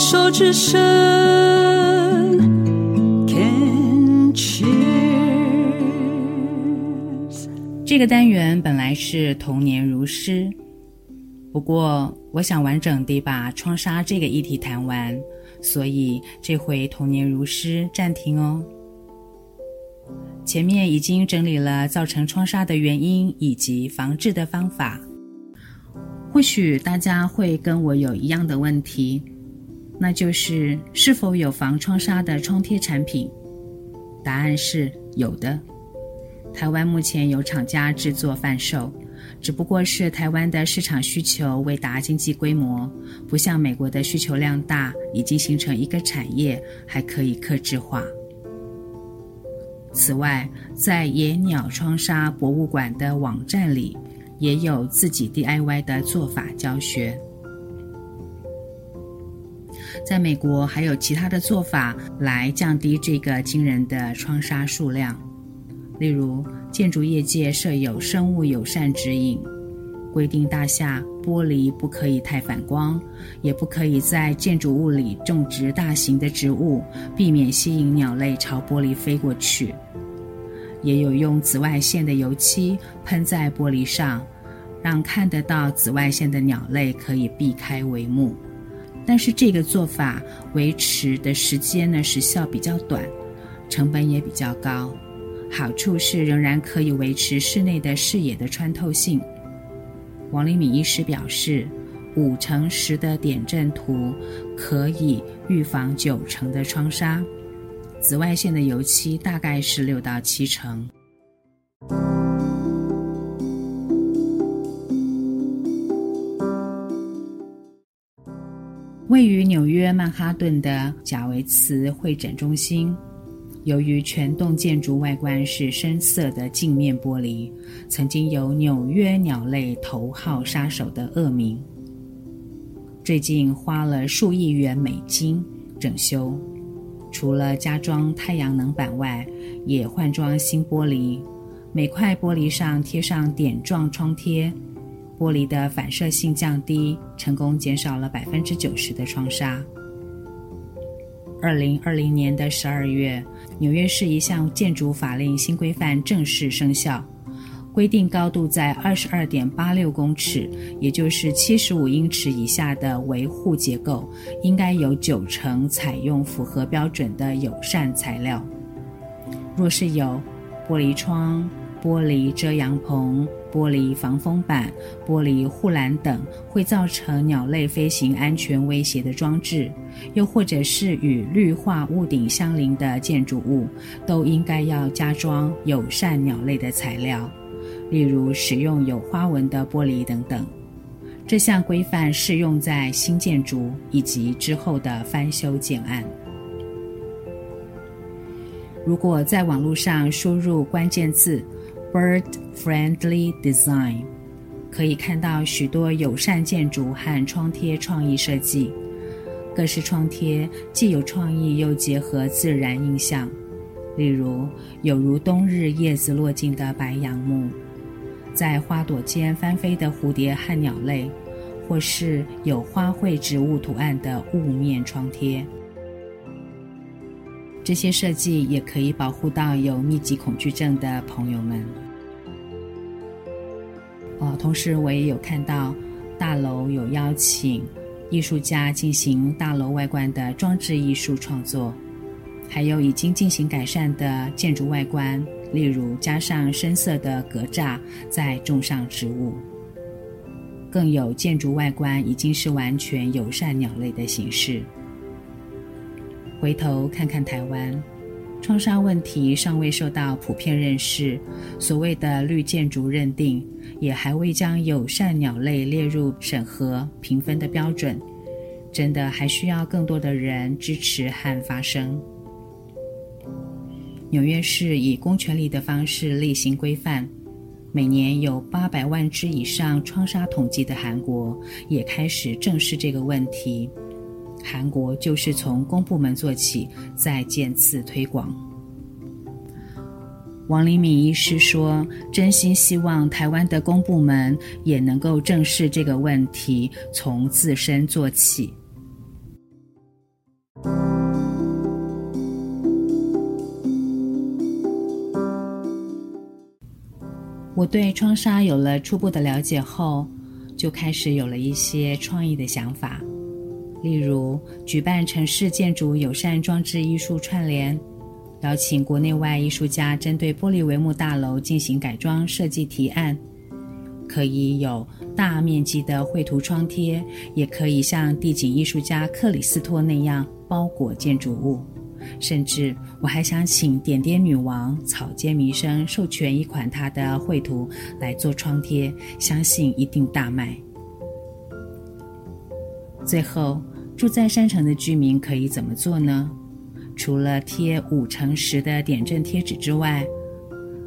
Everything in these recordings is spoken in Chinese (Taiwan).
手指伸 c a n c h e a c h 這個單元本來是童年如詩，不過我想完整地把窗殺這個議題談完，所以這回童年如詩暫停哦。前面已經整理了造成窗殺的原因以及防治的方法，或許大家會跟我有一樣的問題。那就是是否有防窗殺的窗貼產品？答案是有的。台灣目前有廠家制作販售，只不過是台灣的市場需求未達經濟規模，不像美國的需求量大，已經形成一個產業，還可以客製化。此外，在野鳥窗殺博物館的網站裡，也有自己 DIY 的做法教學。在美國，還有其他的做法來降低這個驚人的窗殺數量，例如建築業界設有生物友善指引，規定大廈玻璃不可以太反光，也不可以在建築物裡種植大型的植物，避免吸引鳥類朝玻璃飛過去。也有用紫外線的油漆噴在玻璃上，讓看得到紫外線的鳥類可以避開帷幕。但是這個做法維持的時間呢，時效比較短，成本也比較高。好處是仍然可以維持室內的視野的穿透性。王齡敏醫師表示，五乘十的點陣圖可以預防九成的窗殺，紫外線的油漆大概是六到七成。位於紐約曼哈頓的賈維茨會展中心，由於全棟建築外觀是深色的鏡面玻璃，曾經有“紐約鳥類頭號殺手”的惡名。最近花了數億元美金整修，除了加裝太陽能板外，也換裝新玻璃，每塊玻璃上貼上點狀窗貼。玻璃的反射性降低，成功減少了百分之九十的窗殺。二零二零年的十二月，紐約市一項建築法令新規範正式生效，規定高度在二十二點八六公尺，也就是七十五英尺以下的維護結構，應該有九成採用符合標準的友善材料。若是有玻璃窗，玻璃遮陽棚、玻璃防風板、玻璃護欄等會造成鳥類飛行安全威脅的裝置，又或者是與綠化屋頂相鄰的建築物，都應該要加裝友善鳥類的材料，例如使用有花紋的玻璃等等。這項規範適用在新建築以及之後的翻修建案。如果在網絡上輸入關鍵字 “bird-friendly design”，可以看到許多友善建築和窗貼創意設計，各式窗貼既有創意又結合自然印象，例如有如冬日葉子落盡的白楊木，在花朵間翻飛的蝴蝶和鳥類，或是有花卉植物圖案的霧面窗貼。這些設計也可以保護到有密集恐懼症的朋友們。哦，同時我也有看到，大樓有邀請藝術家進行大樓外觀的裝置藝術創作，還有已經進行改善的建築外觀，例如加上深色的格柵，再種上植物，更有建築外觀已經是完全友善鳥類的形式。回頭看看台灣，窗殺問題尚未受到普遍認識，所謂的綠建築認定也還未將友善鳥類列入審核評分的標準，真的還需要更多的人支持和發聲。紐約市以公權力的方式例行規範，每年有八百萬隻以上窗殺統計的韓國也開始正視這個問題。韓國就是從公部門做起，再漸次推廣。王齡敏醫師說：“真心希望台灣的公部門也能夠正視這個問題，從自身做起。”我對窗殺有了初步的了解後，就開始有了一些創意的想法。例如，舉辦城市建築友善裝置藝術串聯，邀請國內外藝術家針對玻璃帷幕大樓進行改裝設計提案，可以有大面積的繪圖窗貼，也可以像地景藝術家克里斯托那樣包裹建築物。甚至，我還想請點點女王草間彌生授權一款她的繪圖來做窗貼，相信一定大賣。最後，住在山城的居民可以怎麼做呢？除了貼五乘十的點陣貼紙之外，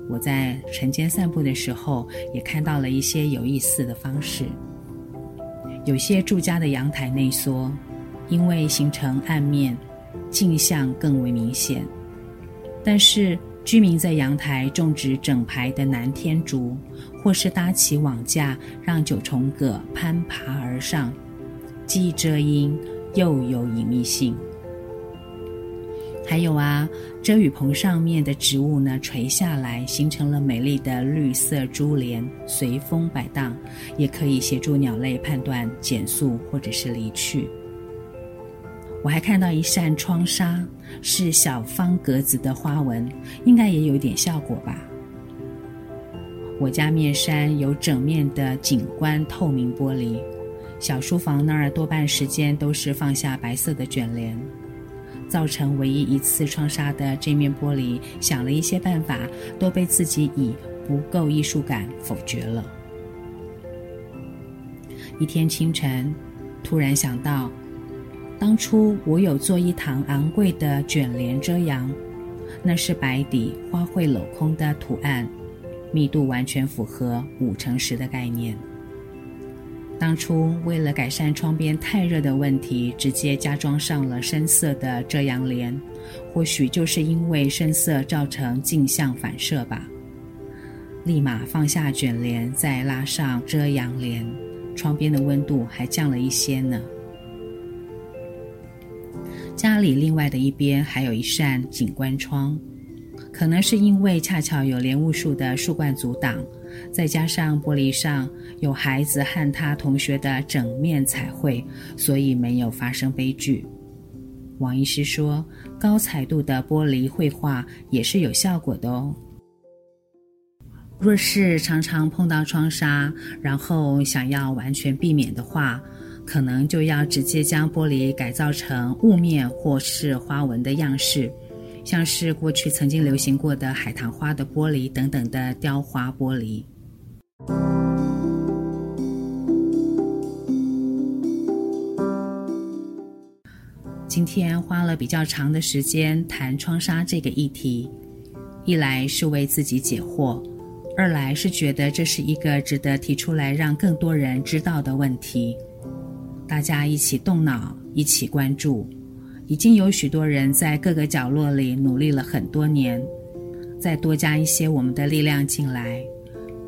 我在晨間散步的時候也看到了一些有意思的方式。有些住家的陽台內縮，因為形成暗面，鏡像更為明顯。但是居民在陽台種植整排的南天竹，或是搭起網架，讓九重葛攀爬而上。既遮陰又有隱秘性還有啊，遮雨棚上面的植物呢垂下來，形成了美麗的綠色珠簾，隨風擺盪，也可以協助鳥類判斷減速或者是離去。我還看到一扇窗紗是小方格子的花紋，應該也有一點效果吧。我家面山有整面的景觀透明玻璃。小書房那兒多半時間都是放下白色的卷簾，造成唯一一次窗殺的這面玻璃，想了一些辦法，都被自己以不夠藝術感否決了。一天清晨，突然想到，當初我有做一堂昂貴的卷簾遮陽，那是白底花卉鏤空的圖案，密度完全符合五乘十的概念。當初為了改善窗邊太熱的問題，直接加裝上了深色的遮陽簾，或許就是因為深色造成鏡像反射吧。立馬放下捲簾，再拉上遮陽簾，窗邊的溫度還降了一些呢。家裡另外的一邊還有一扇景觀窗，可能是因為恰巧有蓮霧樹的樹冠阻擋。再加上玻璃上有孩子和他同學的整面彩繪，所以沒有發生悲劇。王醫師說，高彩度的玻璃繪畫畫也是有效果的哦。若是常常碰到窗殺，然後想要完全避免的話，可能就要直接將玻璃改造成霧面或是花紋的樣式。像是過去曾經流行過的海棠花的玻璃等等的雕花玻璃。今天花了比較長的時間談窗殺這個議題，一來是為自己解惑，二來是覺得這是一個值得提出來讓更多人知道的問題，大家一起動腦，一起關注。已經有許多人在各個角落裡努力了很多年，再多加一些我們的力量進來，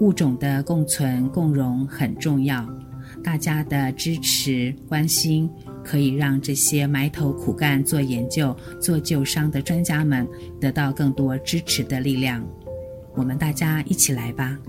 物種的共存共榮很重要。大家的支持關心，可以讓這些埋頭苦幹做研究、做救傷的專家們得到更多支持的力量。我們大家一起來吧。